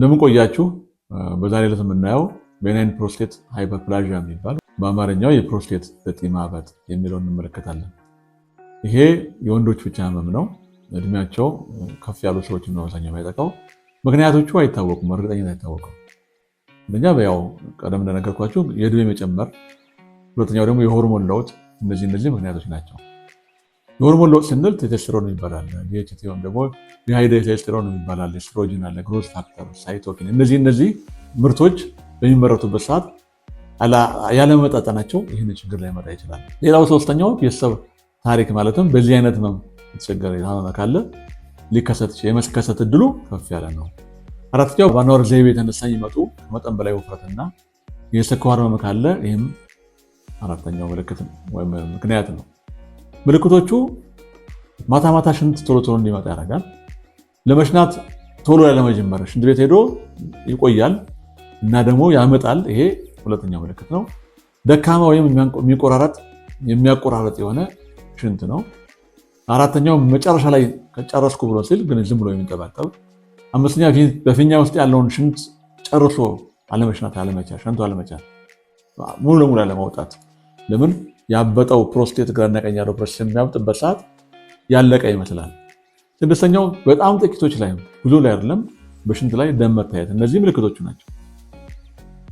እንደምንቆያችሁ በዛሬ ዕለት የምናየው ቤናይን ፕሮስቴት ሃይፐርፕላዥያ የሚባል በአማርኛው የፕሮስቴት እጢ ማበጥ የሚለውን እንመለከታለን። ይሄ የወንዶች ብቻ ህመም ነው። እድሜያቸው ከፍ ያሉ ሰዎች ነው አብዛኛው የሚያጠቃው። ምክንያቶቹ አይታወቁም፣ እርግጠኝነት አይታወቅም። እንደኛ ያው ቀደም እንደነገርኳቸው የእድሜ መጨመር፣ ሁለተኛው ደግሞ የሆርሞን ለውጥ። እነዚህ እነዚህ ምክንያቶች ናቸው። የሆርሞን ለውጥ ስንል ቴስቴስትሮን ይባላል። ዲኤችቲ ወይም ደግሞ ሃይድሮቴስቴሮን ይባላል። ስትሮጅን አለ፣ ግሮዝ ፋክተር፣ ሳይቶኪን እነዚህ እነዚህ ምርቶች በሚመረቱበት ሰዓት ያለመጣጣናቸው ይህን ችግር ሊያመጣ ይችላል። ሌላው ሶስተኛው የቤተሰብ ታሪክ ማለትም በዚህ አይነት ህመም የተቸገረ የታመመ ካለ ሊከሰት የመከሰት እድሉ ከፍ ያለ ነው። አራተኛው በአኗኗር ዘይቤ የተነሳ የሚመጡ ከመጠን በላይ ውፍረትና የስኳር ህመም ካለ ይህም አራተኛው ምልክት ወይም ምክንያት ነው። ምልክቶቹ ማታ ማታ ሽንት ቶሎ ቶሎ እንዲመጣ ያደርጋል። ለመሽናት ቶሎ ያለመጀመር፣ ሽንት ቤት ሄዶ ይቆያል እና ደግሞ ያመጣል። ይሄ ሁለተኛው ምልክት ነው። ደካማ ወይም የሚቆራረጥ የሚያቆራረጥ የሆነ ሽንት ነው። አራተኛው መጨረሻ ላይ ከጨረስኩ ብሎ ሲል ግን ዝም ብሎ የሚጠባጠብ። አምስተኛ በፊኛ ውስጥ ያለውን ሽንት ጨርሶ አለመሽናት፣ አለመቻል፣ ሽንቱ አለመቻል፣ ሙሉ ለሙሉ አለማውጣት ለምን ያበጠው ፕሮስቴት ግራና ቀኝ ያለው ፕሮስቴት የሚያብጥበት ሰዓት ያለቀ ይመስላል። ስድስተኛው በጣም ጥቂቶች ላይ ብዙ ላይ አይደለም፣ በሽንት ላይ ደም መታየት። እነዚህ ምልክቶቹ ናቸው።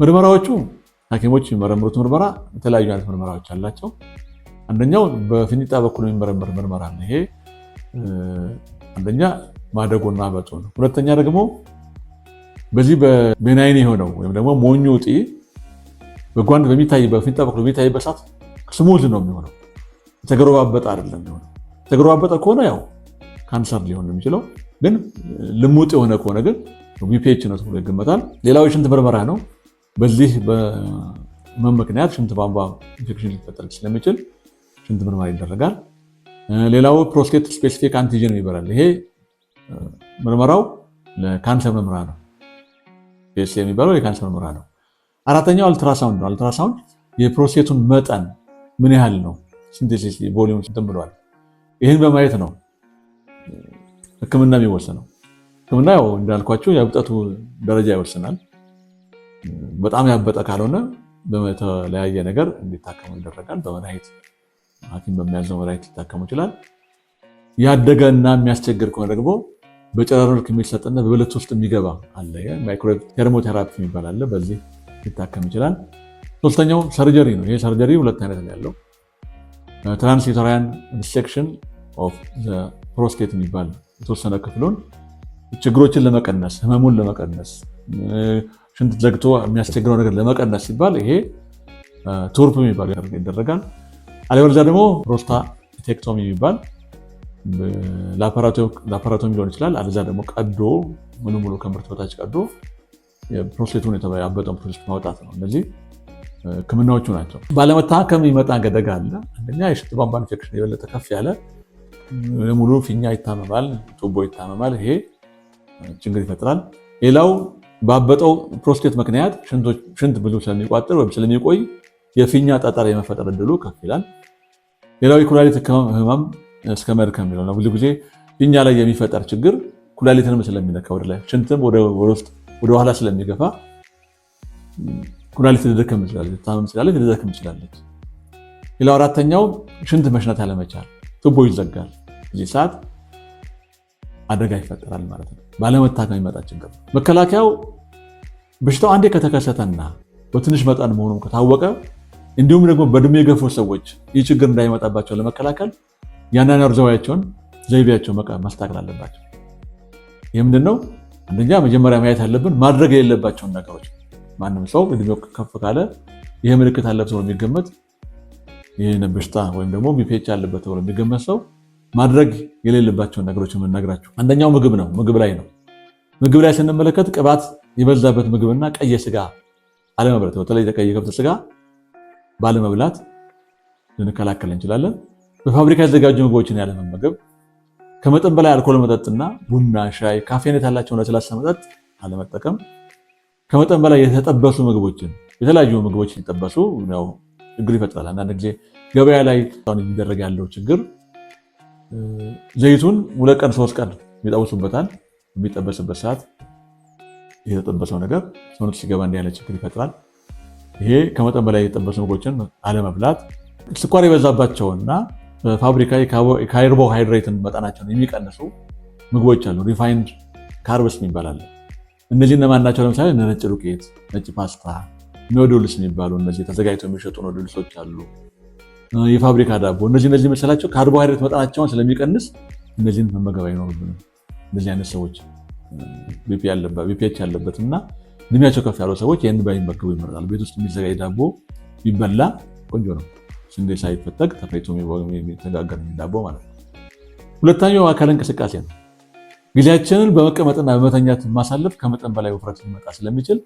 ምርመራዎቹ ሐኪሞች የሚመረምሩት ምርመራ የተለያዩ አይነት ምርመራዎች አላቸው። አንደኛው በፊንጢጣ በኩል የሚመረምር ምርመራ ነው። ይሄ አንደኛ ማደጎና አበጡ ነው። ሁለተኛ ደግሞ በዚህ በቤናይን የሆነው ወይም ደግሞ ሞኙ እጢ በጓንት በሚታይ በፊንጢጣ በኩል በሚታይበት ሰዓት ስሙዝ ነው የሚሆነው፣ የተገረባበጠ አይደለም የሚሆነው። የተገረባበጠ ከሆነ ያው ካንሰር ሊሆን የሚችለው። ግን ልሙጥ የሆነ ከሆነ ግን ቢፒኤች ነው ተብሎ ይገመታል። ሌላው የሽንት ምርመራ ነው። በዚህ በህመም ምክንያት ሽንት ቧንቧ ኢንፌክሽን ሊፈጠር ስለሚችል ሽንት ምርመራ ይደረጋል። ሌላው ፕሮስቴት ስፔሲፊክ አንቲጀን ይበላል። ይሄ ምርመራው ለካንሰር ምርመራ ነው። ፒኤስኤ የሚባለው የካንሰር ምርመራ ነው። አራተኛው አልትራሳውንድ ነው። አልትራሳውንድ የፕሮስቴቱን መጠን ምን ያህል ነው? ሲንቴሲስ ቮሊዩም እንትን ብሏል ይህን በማየት ነው ህክምና የሚወሰነው። ህክምና ያው እንዳልኳቸው የብጠቱ ደረጃ ይወስናል። በጣም ያበጠ ካልሆነ በተለያየ ነገር እንዲታከሙ ይደረጋል። በመድኃኒት ሐኪም በሚያዘው መድኃኒት ሊታከሙ ይችላል። ያደገ እና የሚያስቸግር ከሆነ ደግሞ በጨረር መልክ የሚሰጥና በብልት ውስጥ የሚገባ አለ። ማይክሮ ቴርሞቴራፒ የሚባል አለ። በዚህ ሊታከም ይችላል። ሶስተኛው ሰርጀሪ ነው። ይሄ ሰርጀሪ ሁለት አይነት ነው ያለው። ትራንስዩተራያን ኢንሴክሽን ኦፍ ፕሮስቴት የሚባል የተወሰነ ክፍሉን ችግሮችን ለመቀነስ ህመሙን ለመቀነስ ሽንት ዘግቶ የሚያስቸግረው ነገር ለመቀነስ ሲባል ይሄ ቱርፕ የሚባል ይደረጋል። አለበለዚያ ደግሞ ፕሮስታቴክቶሚ የሚባል ላፓራቶሚ ሊሆን ይችላል። አለዚያ ደግሞ ቀዶ ሙሉ ሙሉ ከምርት በታች ቀዶ ፕሮስቴቱን ያበጠውን ፕሮስቴት ማውጣት ነው እነዚህ ህክምናዎቹ ናቸው። ባለመታከም ይመጣ ገደጋ አለ። አንደኛ የሽንት ቧንቧ ኢንፌክሽን የበለጠ ከፍ ያለ ሙሉ ፊኛ ይታመማል፣ ቱቦ ይታመማል። ይሄ ችግር ይፈጥራል። ሌላው ባበጠው ፕሮስቴት ምክንያት ሽንት ብዙ ስለሚቋጥር ወይም ስለሚቆይ የፊኛ ጠጠር የመፈጠር እድሉ ከፍ ይላል። ሌላው የኩላሊት ህመም እስከ መድከም የሚለው ነው። ብዙ ጊዜ ፊኛ ላይ የሚፈጠር ችግር ኩላሊትንም ስለሚነካ ወደ ላይ ሽንትም ወደ ውስጥ ወደ ኋላ ስለሚገፋ ኩላሊት ልደክም ትችላለች፣ ታመም ትችላለች፣ ልደክም ትችላለች። ሌላው አራተኛው ሽንት መሽናት ያለመቻል፣ ቱቦ ይዘጋል። እዚህ ሰዓት አደጋ ይፈጠራል ማለት ነው። ባለመታከም ይመጣ ችግር። መከላከያው በሽታው አንዴ ከተከሰተና በትንሽ መጠን መሆኑን ከታወቀ እንዲሁም ደግሞ በእድሜ የገፉ ሰዎች ይህ ችግር እንዳይመጣባቸው ለመከላከል የአኗኗር ዘዋያቸውን ዘይቤያቸው ማስተካከል አለባቸው። ይህ ምንድን ነው? አንደኛ መጀመሪያ ማየት ያለብን ማድረግ የሌለባቸውን ነገሮች ማንም ሰው እድሜው ከፍ ካለ ይህ ምልክት አለ ተብሎ የሚገመት ይህን በሽታ ወይም ደግሞ ቢፔች አለበት ተብሎ የሚገመት ሰው ማድረግ የሌለባቸውን ነገሮች የምናገራቸው አንደኛው ምግብ ነው። ምግብ ላይ ነው። ምግብ ላይ ስንመለከት ቅባት የበዛበት ምግብና ቀይ ስጋ አለመብላት፣ በተለይ ቀይ ከብት ስጋ ባለመብላት ልንከላከል እንችላለን። በፋብሪካ የተዘጋጁ ምግቦችን ያለመመገብ፣ ከመጠን በላይ አልኮል መጠጥና ቡና፣ ሻይ፣ ካፌኔት ያላቸውን ለስላሳ መጠጥ አለመጠቀም ከመጠን በላይ የተጠበሱ ምግቦችን የተለያዩ ምግቦች ሲጠበሱ ችግር ይፈጥራል። አንዳንድ ጊዜ ገበያ ላይ የሚደረግ ያለው ችግር ዘይቱን ሁለት ቀን ሶስት ቀን ይጠብሱበታል። የሚጠበስበት ሰዓት የተጠበሰው ነገር ሰውነት ሲገባ እንዲህ ያለ ችግር ይፈጥራል። ይሄ ከመጠን በላይ የተጠበሱ ምግቦችን አለመብላት፣ ስኳር የበዛባቸውና በፋብሪካ ካርቦሃይድሬትን መጠናቸውን የሚቀንሱ ምግቦች አሉ። ሪፋይንድ ካርብስ የሚባል እነዚህ እነማን ናቸው? ለምሳሌ ነጭ ዱቄት፣ ነጭ ፓስታ፣ ኖዶልስ የሚባሉ እነዚህ ተዘጋጅቶ የሚሸጡ ኖዶልሶች አሉ፣ የፋብሪካ ዳቦ። እነዚህ እነዚህ መሰላቸው ካርቦሃይድሬት መጠናቸውን ስለሚቀንስ እነዚህን መመገብ አይኖርብንም። እነዚህ አይነት ሰዎች ቢፒኤች ያለበት እና እድሜያቸው ከፍ ያሉ ሰዎች ይህን ባይመገቡ ይመረጣል። ቤት ውስጥ የሚዘጋጅ ዳቦ ቢበላ ቆንጆ ነው። ስንዴ ሳይፈጠግ ተፈይቶ የሚተጋገር ዳቦ ማለት ነው። ሁለተኛው አካል እንቅስቃሴ ነው። ጊዜያችንን በመቀመጥና በመተኛት ማሳለፍ ከመጠን በላይ ውፍረት ሊመጣ ስለሚችል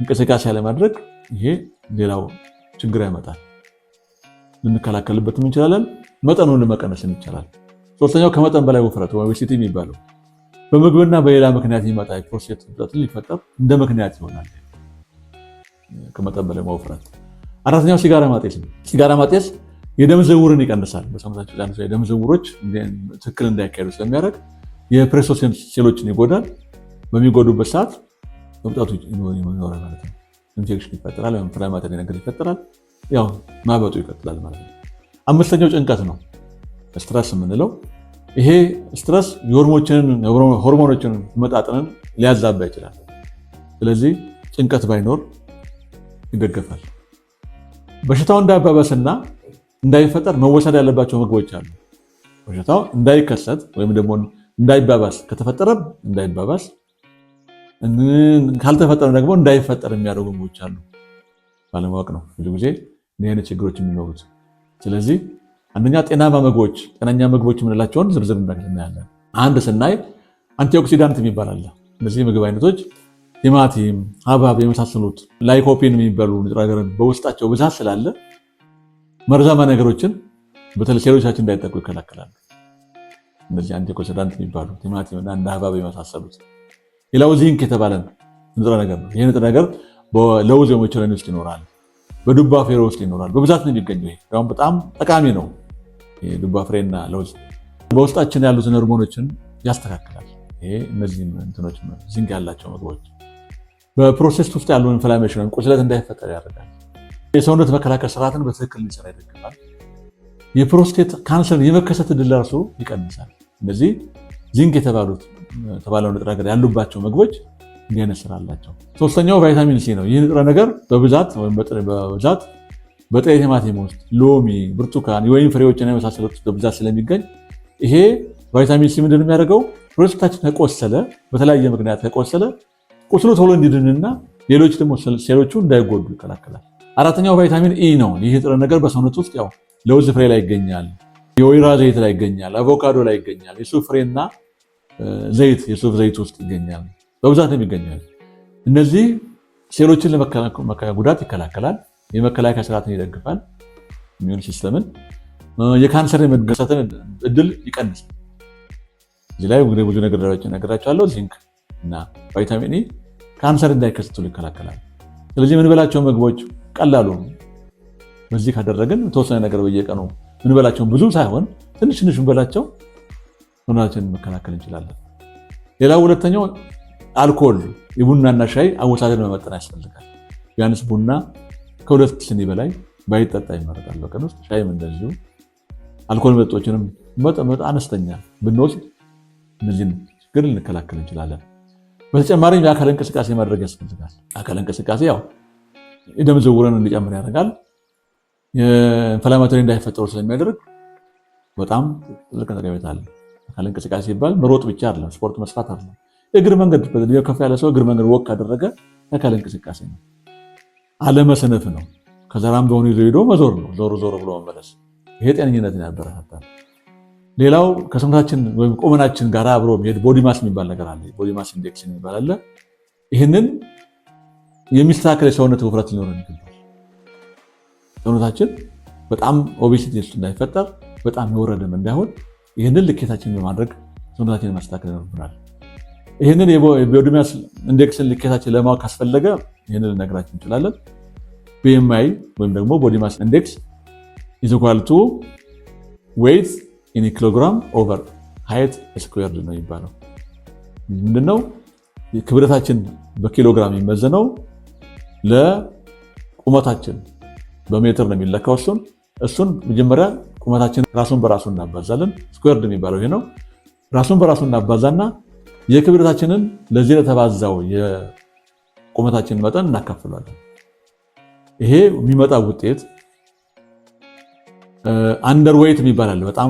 እንቅስቃሴ ያለማድረግ ይሄ ሌላው ችግር ያመጣል። ልንከላከልበትም እንችላለን፣ መጠኑን ለመቀነስ ይቻላል። ሶስተኛው ከመጠን በላይ ውፍረት ኦቤሲቲ የሚባለው በምግብና በሌላ ምክንያት የሚመጣ የፕሮስቴት እብጠት ሊፈጠር እንደ ምክንያት ይሆናል። ከመጠን በላይ ማውፍረት። አራተኛው ሲጋራ ማጤስ ሲጋራ ማጤስ የደም ዝውውርን ይቀንሳል። በሰውነታችን ያሉ የደም ዝውውሮች ትክክል እንዳይካሄዱ ስለሚያደርግ የፕሬሶ ሴሎችን ይጎዳል። በሚጎዱበት ሰዓት መምጣቱ ይኖራል ማለት ነው። ኢንፌክሽን ይፈጠራል፣ ኢንፍላማተሪ ነገር ይፈጠራል። ያው ማበጡ ይቀጥላል ማለት ነው። አምስተኛው ጭንቀት ነው፣ ስትረስ የምንለው ይሄ ስትረስ የሆርሞችንን ሆርሞኖችን መጣጥንን ሊያዛባ ይችላል። ስለዚህ ጭንቀት ባይኖር ይደገፋል። በሽታው እንዳያባበስና እንዳይፈጠር መወሰድ ያለባቸው ምግቦች አሉ። በሽታው እንዳይከሰት ወይም ደግሞ እንዳይባባስ ከተፈጠረም እንዳይባባስ ካልተፈጠረ ደግሞ እንዳይፈጠር የሚያደርጉ ምግቦች አሉ። ባለማወቅ ነው ብዙ ጊዜ እንዲህ ችግሮች የሚኖሩት። ስለዚህ አንደኛ ጤናማ ምግቦች፣ ጤናኛ ምግቦች የምንላቸውን ዝርዝር እናያለን። አንድ ስናይ አንቲኦክሲዳንት የሚባል አለ። እነዚህ የምግብ አይነቶች ቲማቲም፣ ሀብሀብ የመሳሰሉት ላይኮፒን የሚባሉ ንጥረ ነገርን በውስጣቸው ብዛት ስላለ መርዛማ ነገሮችን በተለይ ሴሎቻችን እንዳይጠቁ ይከላከላሉ። እነዚህ አንድ ኮንሰዳንት የሚባሉ ቲማቲም እና እንደ ሀባብ የመሳሰሉት ሌላው ዚንክ የተባለ ንጥረ ነገር ነው። ይህ ንጥረ ነገር ለውዝ በመቸለኒ ውስጥ ይኖራል፣ በዱባ ፍሬ ውስጥ ይኖራል። በብዛት ነው የሚገኘው። ይሄ ደግሞ በጣም ጠቃሚ ነው። ዱባ ፍሬና ለውዝ በውስጣችን ያሉትን ሆርሞኖችን ያስተካክላል። ይሄ እነዚህም እንትኖች ዚንክ ያላቸው ምግቦች በፕሮሴስ ውስጥ ያሉ ኢንፍላሜሽን ቁስለት እንዳይፈጠር ያደርጋል። የሰውነት መከላከል ስርዓትን በትክክል ሊሰራ ይደግፋል። የፕሮስቴት ካንሰር የመከሰት ድል ራሱ ይቀንሳል። እነዚህ ዚንክ የተባሉት የተባለው ንጥረ ነገር ያሉባቸው ምግቦች እንዲህ አይነት ስራ አላቸው። ሶስተኛው ቫይታሚን ሲ ነው። ይህ ንጥረ ነገር በብዛት ወይም በብዛት በጥሬ ቲማቲም ውስጥ ሎሚ፣ ብርቱካን፣ የወይን ፍሬዎችን የመሳሰሉት በብዛት ስለሚገኝ ይሄ ቫይታሚን ሲ ምንድን የሚያደርገው ፕሮስታችን ተቆሰለ፣ በተለያየ ምክንያት ተቆሰለ፣ ቁስሉ ቶሎ እንዲድንና ሌሎች ደግሞ ሴሎቹ እንዳይጎዱ ይከላከላል። አራተኛው ቫይታሚን ኢ ነው። ይህ ንጥረ ነገር በሰውነት ውስጥ ያው ለውዝ ፍሬ ላይ ይገኛል። የወይራ ዘይት ላይ ይገኛል፣ አቮካዶ ላይ ይገኛል፣ የሱፍ ፍሬና ዘይት የሱፍ ዘይት ውስጥ ይገኛል፣ በብዛት ይገኛል። እነዚህ ሴሎችን ለመከላከል ጉዳት ይከላከላል፣ የመከላከያ ስርዓትን ይደግፋል፣ የሚሆን ሲስተምን የካንሰር የመገሰትን እድል ይቀንሳል። እዚህ ላይ እንግዲህ ብዙ ነገር ነገራቸዋለሁ። ዚንክ እና ቫይታሚን ኢ ካንሰር እንዳይከሰቱ ይከላከላል። ስለዚህ የምንበላቸው ምግቦች ቀላሉ በዚህ ካደረግን ተወሰነ ነገር በየቀኑ ምንበላቸውን ብዙ ሳይሆን ትንሽ ትንሽ ምንበላቸው ሆናችን መከላከል እንችላለን። ሌላው ሁለተኛው አልኮል የቡናና ሻይ አወሳደር መመጠን ያስፈልጋል። ቢያንስ ቡና ከሁለት ስኒ በላይ ባይጠጣ ይመረጣል በቀን ውስጥ ሻይም እንደዚሁ። አልኮል መጠጦችንም አነስተኛ ብንወስድ እነዚህን ችግር ልንከላከል እንችላለን። በተጨማሪም የአካል እንቅስቃሴ ማድረግ ያስፈልጋል። አካል እንቅስቃሴ ያው የደም ዝውውርን እንዲጨምር ያደርጋል። ኢንፍላማቶሪ እንዳይፈጠሩ ስለሚያደርግ በጣም ጥልቅ ጠቀሜታ አለ። አካል እንቅስቃሴ ሲባል መሮጥ ብቻ አይደለም፣ ስፖርት መስፋት አይደለም። እግር መንገድ በዕድሜው ከፍ ያለ ሰው እግር መንገድ ወቅ ካደረገ የአካል እንቅስቃሴ ነው። አለመሰነፍ ነው። ከዘራም በሆኑ ይዞ ሄዶ መዞር ነው። ዞሮ ዞሮ ብሎ መመለስ፣ ይሄ ጤነኝነትን ያበረታታል። ሌላው ከሰውነታችን ወይም ቁመናችን ጋር አብሮ የሚሄድ ቦዲማስ የሚባል ነገር አለ። ቦዲማስ ማስ ኢንዴክስ የሚባል አለ። ይህንን የሚስተካከል የሰውነት ውፍረት ሊኖረን ይገባል። እውነታችን በጣም ኦቤሲቲ እንዳይፈጠር በጣም የወረደም እንዳይሆን ይህንን ልኬታችን በማድረግ ሰውነታችን ማስተካከል ይኖርብናል። ይህንን የቦዲማስ ኢንዴክስን ልኬታችን ለማወቅ ካስፈለገ ይህንን ነገራችን እንችላለን። ቢኤምአይ ወይም ደግሞ ቦዲማስ ኢንዴክስ ኢዝኳልቱ ዌይት ኢን ኪሎግራም ኦቨር ሃይት ስኩዌርድ ነው የሚባለው። ምንድነው ክብደታችን በኪሎግራም የሚመዘነው ለቁመታችን በሜትር ነው የሚለካው። እሱን እሱን መጀመሪያ ቁመታችን ራሱን በራሱ እናባዛለን። ስኩዌርድ የሚባለው ይሄ ነው። ራሱን በራሱ እናባዛና የክብደታችንን ለዚህ ለተባዛው የቁመታችን መጠን እናካፍላለን። ይሄ የሚመጣ ውጤት አንደር ዌይት የሚባል አለ። በጣም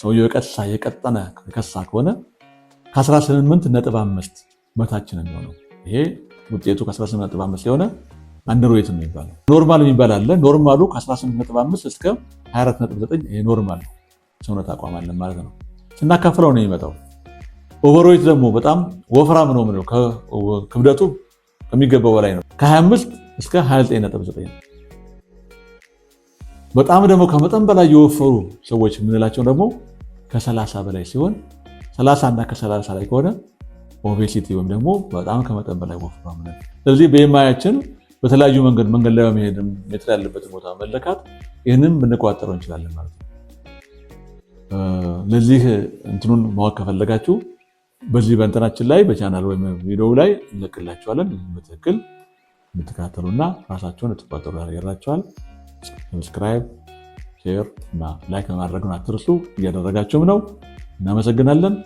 ሰውየው የቀሳ የቀጠነ የከሳ ከሆነ ከ18 ነጥብ አምስት በታችን የሚሆነው ይሄ ውጤቱ ከ18 ነጥብ አምስት የሆነ አንደርዌት ነው የሚባለው። ኖርማል የሚባል አለ። ኖርማሉ ከ18.5 እስከ 24.9 የኖርማል ሰውነት አቋም አለ ማለት ነው። ስናካፍለው ነው የሚመጣው። ኦቨርዌት ደግሞ በጣም ወፍራም ነው የምንለው ክብደቱ ከሚገባው በላይ ነው። ከ25 እስከ 29.9 ነው። በጣም ደግሞ ከመጠን በላይ የወፈሩ ሰዎች የምንላቸው ደግሞ ከ30 በላይ ሲሆን 30 እና ከ30 ላይ ከሆነ ኦቤሲቲ ወይም ደግሞ በጣም ከመጠን በላይ ወፍራ። ስለዚህ በየማያችን በተለያዩ መንገድ መንገድ ላይ በመሄድ ሜትር ያለበትን ቦታ መለካት ይህንም ብንቆጣጠረው እንችላለን ማለት ነው። ለዚህ እንትኑን ማወቅ ከፈለጋችሁ በዚህ በእንትናችን ላይ በቻናል ወይም ቪዲዮ ላይ እንለቅላችኋለን። በትክክል እንድትከታተሉና ራሳቸውን የተቋጠሩ ያደርጋችኋል። ሰብስክራይብ፣ ሼር እና ላይክ በማድረግን አትርሱ። እያደረጋችሁም ነው። እናመሰግናለን።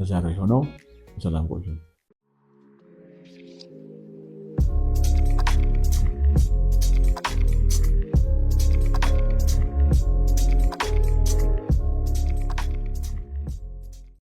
ለዛሬ የሆነው ሰላም ቆዩን።